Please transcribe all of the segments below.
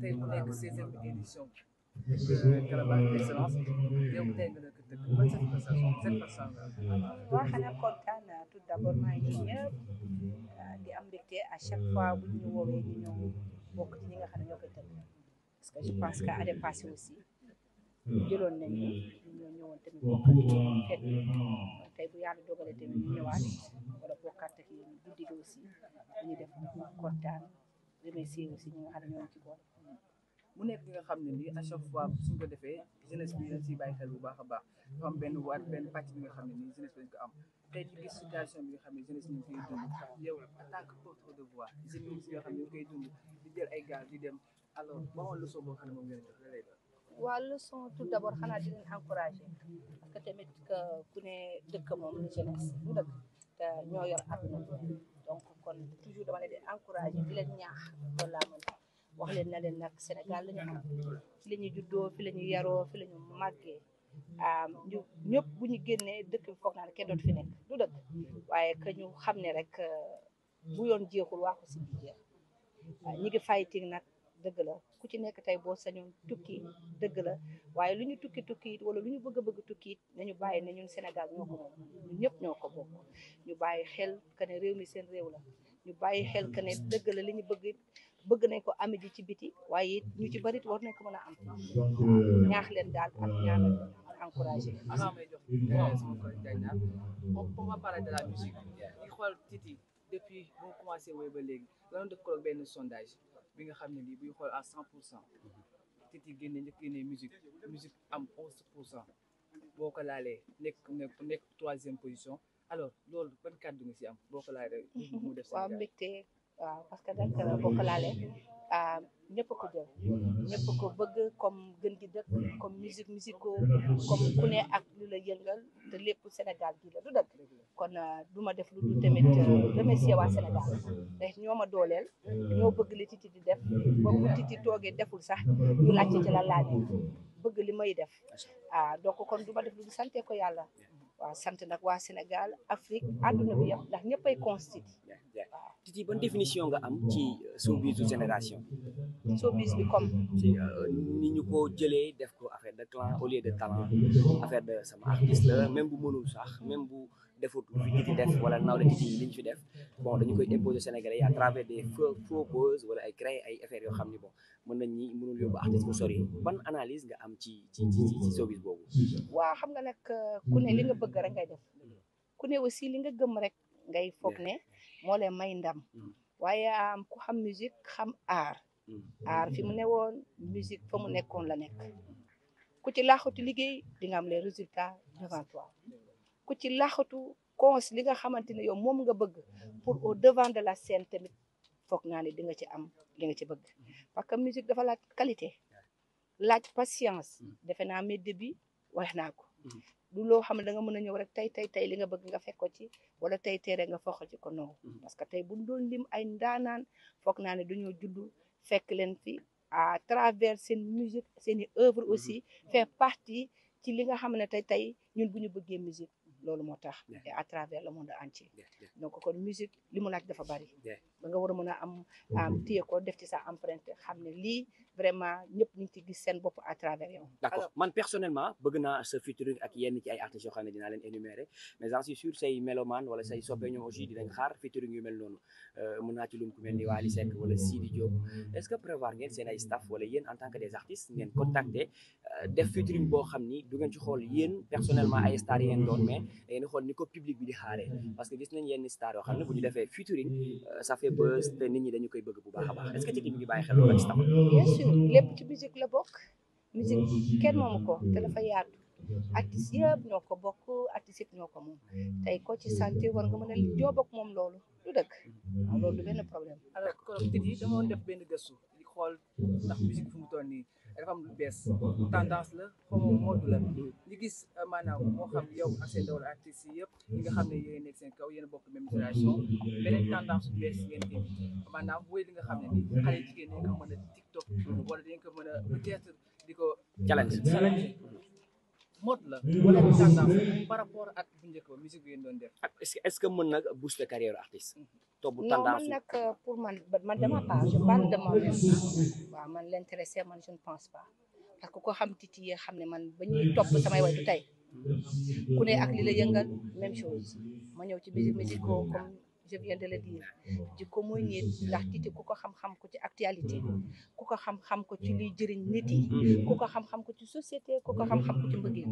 tey mu nekk seizième édition Calebasse d'excellence yow tey nga nekk xanaa kontaan tout d'abord maa ngi ñëpp di am mbégte à chaque fois bu ñu woowee ñu ñëw bokk ci ñi nga xam ne ñoo koy tënk parce que je pense que année passée aussi jëloon ñu ñëwaat wala bokkaat ak yéen guddi gi aussi ñu def kontaan remercier aussi ñi nga xam ne ñoo ci bopp. mu nekk li nga xam ne nii à chaque fois suñ ko defee jeunesse bi dañ bàyyi xel bu baax a baax dafa am benn waat benn pàcc nga xam ne ni jeunesse bi dañ ko am nga xam ne jeunesse ñu ngi koy dund yow en tant que de voix jeunesse bi nga xam ne di dem alors ba woon leçon boo xam ne moom ngeen def la lay doon waa leçon tout d'abord xanaa di leen encouragé parce tamit que ku ne dëkk moom la jeunesse bu dëkk te ñoo yor àdduna donc kon toujours dama leen di encouragé di leen ñaax loolu laa mën wax leen na leen nag Sénégal la ñu am fi ñuy juddoo fi la ñu yaroo fi la ñu màggee ñu ñëpp bu ñu génnee dëkk bi foog naa ne kenn dootu fi nekk du dëkk waaye que ñu xam ne rek euh, bu yoon jeexul waa ko si bi jeex fighting nag dëgg la ku ci nekk tey boo sañoon tukki dëgg la waaye lu ñu tukki tukki wala lu ñu bëgg a bëgg tukki it nañu bàyyi ne ñun Sénégal ñoo ko moom ñëpp ñoo ko bokk ñu bàyyi xel que ne réew mi seen réew la ñu bàyyi xel que ne dëgg la li bëgg nañ ko ame ji ci biti waaye it ñu ci barit war nañ ko mën a am mm. ñaax leen daal ak ñaanal encouragé avant may jox sama collègue Diagna on va parler de la musique di xool Titi depuis bu mu woy ba léegi la doon def ko benn sondage bi nga xam ne lii buy xool à cent pour cent Titi génne njëkk génne musique musique am onze pour cent boo ko laalee nekk nekk troisième position alors loolu ban kàddu nga si am boo ko laalee mu def waaw parce que nag boo ko laalee ah, ñëpp ko jël bëgg comme gën gi dëkk comme musique musico comme ku ne ak lu la yëngal te lépp Sénégal gii la du dëkk kon ah, duma def lu dul tamit ah, remercier waa Sénégal ndax ñoo ma dooleel ñoo bëgg li Titi di def ba bu Titi toogee deful sax ñu laajte ci la laaj bëgg li may def ah donc kon du def lu dul ko yàlla waaw sant nag waa Sénégal Afrique àdduna bi yëpp ndax ñëppay constitué waaw ci ban définition nga am ci euh, showbizu génération showbiz bi comme ci euh, ni ñu ko jëlee def ko affaire de clan au lieu de talent affaire de sama artiste la même bu mënul sax même bu defut lu fi di def wala naaw la di li ñu fi def bon dañu koy imposer Sénégalais yi à travers des faux poses wala ay créer ay affaires yoo xam ni bon mën nañ ñi mënul yóbbu artiste bu sori ban analise nga am ci ci ci ci showbiz boobu waaw xam nga nag euh, ku ne li nga bëgg rek ngay def ku aussi li nga gëm rek ngay foog ne moo leen may ndam mm. waaye am ku xam musique xam art mm. art fi mu newoon musique fa mu mm. nekkoon la nekk ku ci laaxatu liggéey di nga am les résultat devant toi ku ci laaxatu cons li nga xamante ne yow moom nga bëgg pour au devant de la scène tamit foog naa ne di nga ci am li nga ci bëgg parce que musique dafa laaj qualité laaj patience defe naa mes débuts wax naa ko du loo xam ne danga nga mën a ñëw rek tey tey tey li nga bëgg nga fekk ci wala tey tey rek nga foxo ci ko noow mm-hmm. parce que tey bu doon lim ay ndaanaan foog naa ne dañoo juddu fekk leen fi à travers seen musique seen i œuvre mm-hmm. aussi faire partie ci li nga xam ne tey tey ñun bu ñu bëggee musique mm-hmm. loolu moo tax à travers le monde entier donc kon musique li mu laaj dafa bari ba nga war a mën a am am mhm. ko def ci sa empreinte xam ne lii vraiment ñëpp ñu ngi ci gis seen bopp à travers yow. d'accord man personnellement bëgg naa sa featuring ak yenn ci ay artistes wala say mhm. soppe ñoom euh, ni Wally Seck wala Sidi Diop est-ce que prévoir ngeen seen ay staff wala yéen en tant que des artistes ngeen contacter euh, def featuring boo xam ni du ngeen ci xool yéen personnellement ay stars yéen doon xool ni ko public bi di xaaree parce que gis nañ yenn stars xam ne bu ñu defee featuring euh, te bës te nit ñi dañu koy bëgg bu baax a baax est-ce que ci mi ngi bàyyi xel loolu ci tam. bien sûr lépp ci musique la bokk musique kenn moomu ko te dafa yaatu artistes yëpp ñoo ko bokk artistes yëpp ñoo ko moom tey ko ci sentir war nga mën a joo bokk moom loolu du dëkk ah, loolu du benn problème. alors dama def benn gëstu xool ndax musique fu mu toll nii dafa am lu bees tendance la xaw ma mode la ñu euh, moo xam yow ak seen dawal artistes yi yëpp nga xam ne yéen nekk seen kaw yéen bokk même génération beneen tendance bu bees ngeen di nga xam ne ni xale jigéen dañ ko mën a TikTok wala dañ ko mën a peut-être di ko mot la mm. wala tendance par rapport ak bu njëkk ba musique bi ngeen doon def. ak est na booster carrière artiste. Mm-hmm. topp tendance non man nag euh, pour man man dama mm. pas je parle de waaw man l'intéressé man je ne pense pas parce que koo xam titi xam ne man ba ñuy samay way du tey ku ne ak li la yëngal même chose ma ñëw ci musique musicale comme. je viens de le dire jikko mooy nit ndax titi ku ko xam-xam ko ci actualité ku ko xam-xam ko ci luy jëriñ nit yi ku ko xam-xam ko ci société ku ko xam-xam ko ci mbëggeel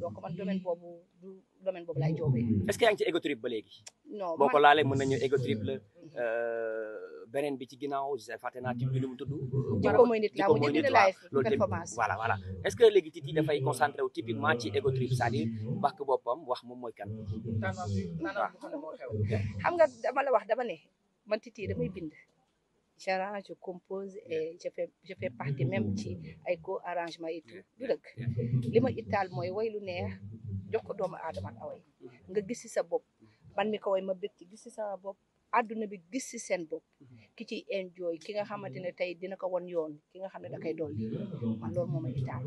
donc domaine boobu du domaine boobu laay joobee est-ce que yaa ngi ci égotrip ba léegi non boo ko laalee mën nañu égotrip la Euh, beneen bi ci ginnaaw fàtte naa ci lu mu tudd. jikko mooy nit la mu nit la loolu tamit voilà voilà est ce que léegi Titi dafay concentré wu ci ego trip c'est-à-dire boppam wax moom mooy kan. xam nga dama la wax dama ne man Titi damay bind. j'arrange je compose et je fais je fais ci ay co-arrangement et tout du dëkk li ma ittaal mooy way lu neex jox ko doomu aadama mm-hmm. nga gis sa bopp man mi ko way ma bëgg ci gis sa bopp àdduna bi gis si seen bopp mhm. ki ci enjoy ki nga xamante ne tey dina ko wan yoon ki nga xam ne da koy dolli man loolu moom a itaal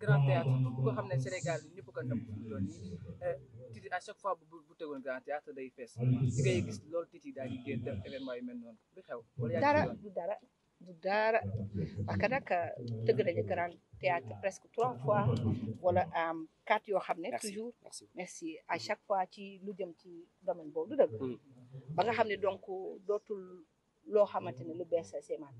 grand théâtre bu nga xam ne Sénégal bi ñëpp ko ndam fu mu doon nii eh, titi à chaque fois bu bu tegoon grand théâtre day gis loolu titi daal di génn def événement yu mel noonu du xew dara du dara du dara parce que nag tëgg grand théâtre presque trois fois wala quatre yoo xam ne toujours merci à chaque fois ci lu jëm ci domaine boobu du dëgg mm. ba nga xam ne donc dootul loo xamante ne lu bees la seemaan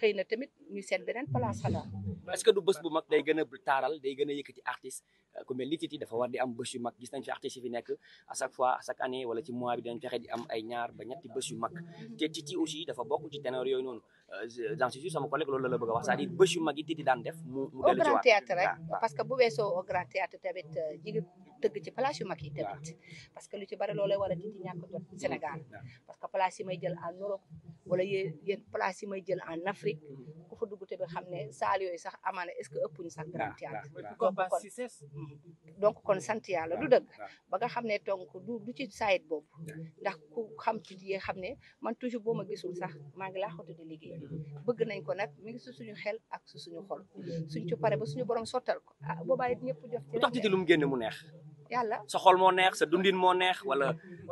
xëy na tamit ñu seet beneen place xanaa. est que du bés bu mag day gën a taaral day gën a yëkkati artiste euh, ku mel ni Titi dafa war di am bés yu mag gis nañ fi artistes fi nekk à chaque fois à chaque année wala ci mois bi di am ay ñaar ba ñetti bés yu mag te Titi aussi dafa bokk ci ténor yooyu noonu euh, j'en suis sûr la la bëgg a wax c'est-à-dire bés yu daan def. mu mu théâtre rek parce que bu weesoo au grand théâtre tamit euh, tëgg ci place yu mag yi tamit parce que lu ci bari loolay war a nit ñi ñàkk jot Sénégal parce que place yi may jël a Europe wala yéen place yi may jël en Afrique mm-hmm. fa dugg te xam ne saal yooyu sax amaana est-ce que ëppuñ sax grand théâtre mm. donc kon sant yàlla du dëgg ba nga xam ne donc du du ci saayit boobu ndax ku xam ci yee xam ne man toujours boo ma gisul sax maa ngi laa xoto di liggéey mm. bëgg nañ ko nag mi ngi su suñu xel ak suñu xol suñ ci pare ba suñu borom sottal ko ah boobaa ñëpp jox ci lu tax lu mu génne mu neex yàlla sa xol moo neex sa dundin moo neex wala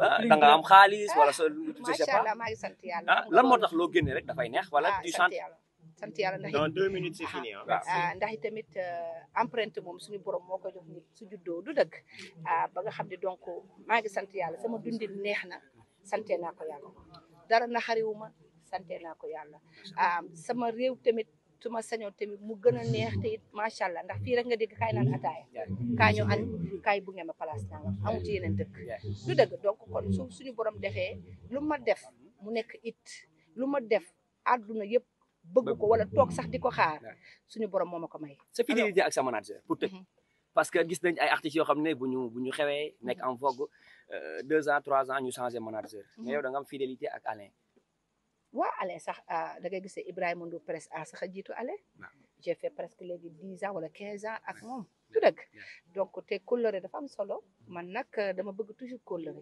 ah, da nga am xaalis wala sa macha allah maa ngi sant yàlla ah, lan moo tax loo génne rek dafay wala ah, du sant sant yàlla ndax dans deux ah, ah, ndax i tamit euh, empreinte moom suñu borom moo ko jox nit su juddoo du dëgg mm-hmm. ah ba nga xam ne donc maa sant yàlla sama dundin neex na sante naa ko yàlla dara na xariwuma sante naa ko yàlla ah sama réew tamit su ma sañoon tamit mu gën a neex te it macha allah ndax fii rek nga dégg kaay naan ataaya kaa ñu an kaay bu ngeen ma place nangam amu ci yeneen dëkk du dëgg donc kon suñu borom defee lu ma def mu nekk it lu ma def adduna yëpp bëgg ko wala toog sax di ko xaar suñu borom moo ma ko may sa fidélité ak sa manager pour tëj mhm. parce que gis nañ ay artistes yoo xam ne bu ñu bu ñu xewee nekk en vogue euh, deux ans trois ans ñu changé manager mhm. mais yow da nga am fidélité ak Alain waa Alain sax ah, da ngay gisee Ibrahima du presse a ah, sax a jiitu Alain j'ai presque léegi dix ans wala quinze ans ak moom du dëgg te kóllëre dafa am solo mm. man nag euh, dama bëgg toujours kóllëre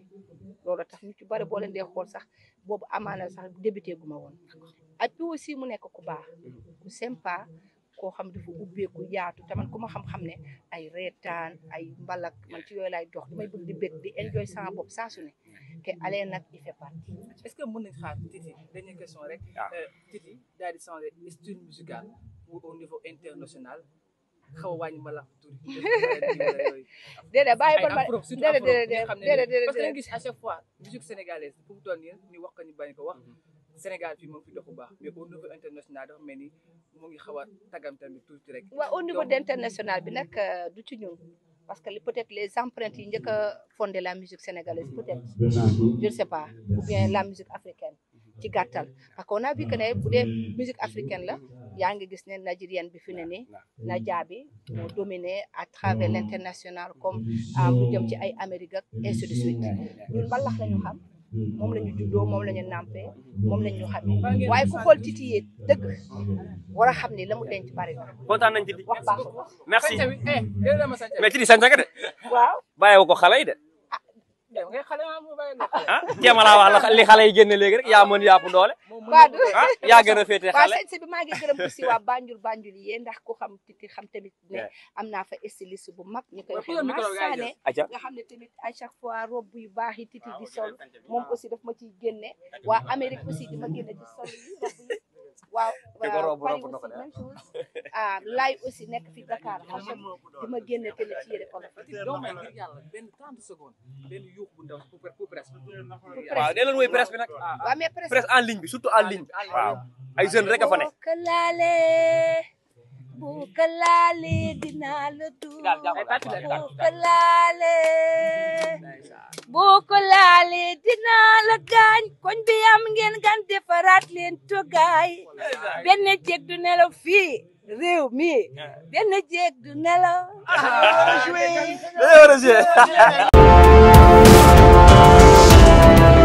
loolu tax ñu ci bari boo leen dee xool sax boobu amaana sax débuté gu ma woon ak bi aussi mu nekk ku baax ku sympa koo xam dafa ubbeeku yaatu te man ku xam-xam ne ay reetaan ay mbalak man ci yooyu laay dox damay bëgg di bëgg di enjoy sama bopp saa su ne te ale nag il fait partie. est-ce que mën nañ xaar Titi dernière question rek. Ah. Euh, Titi daal di changer style musical au niveau international. xaw a wàññi mbalax tuuti. déedéet bàyyi kon ma déedéet parce que gis à chaque fois musique sénégalaise fu mu nii ñu wax ko ñu bañ ko wax. Mm-hmm. Sénégal fii moom fi dox bu baax mais au niveau international dafa mel ni ngi xaw a tagam tamit tuuti rek. waaw au niveau d' international bi nag euh, du ci ñun parce que peut-être les empreintes yi njëkk a fondé la musique sénégalaise peut je sais pas ou bien la musique africaine ci gàttal parce que on a que ne bu musique africaine la yaa ngi gis ne nigérienne bi fi ne ni Nadia bi moo dominé à travers l' comme lu ah, ci ay américa ak ainsi moom la ñu mm-hmm. juddoo moom la ñu nàmpee moom la ñu xamee mm-hmm. waaye ku xool Titi yee dëgg war a xam ne la mu denc bari na. kontaan nañ Titi wax baax merci eh, mais Titi sant nga de. waaw bàyyi ko yi de. Ah, ah jéem a la wax li xale yi génne léegi rek yaa mën yàpp doole. ah yaa gën a féetee xale. waaw sëñ bi maa ngi gërëm aussi waa Banjul Banjul yi ndax ko xam titi xam tamit ne am naa fa styliste bu mag ñu koy waxee Massané nga xam ne tamit à chaque fois robe yu baax yi titi ah, di sol moom aussi daf ma ciy génne waa Amérique aussi di ma génne di waaw Paris aussi ah. même chose ah laay aussi nekk fi ma génne télé ci yére olof. doo may ngir yàlla waaw nee leen woy presse bi nag. waaw mais presse en ligne bi surtout en ligne ah, waaw ay jeunes rek a fa nekk. bu ko laalee dinaa la tuur gaañ koñ bi am ngeen gan defaraat leen toggaay benn jeeg du nelaw fii réew mi benn jeeg du nelaw joué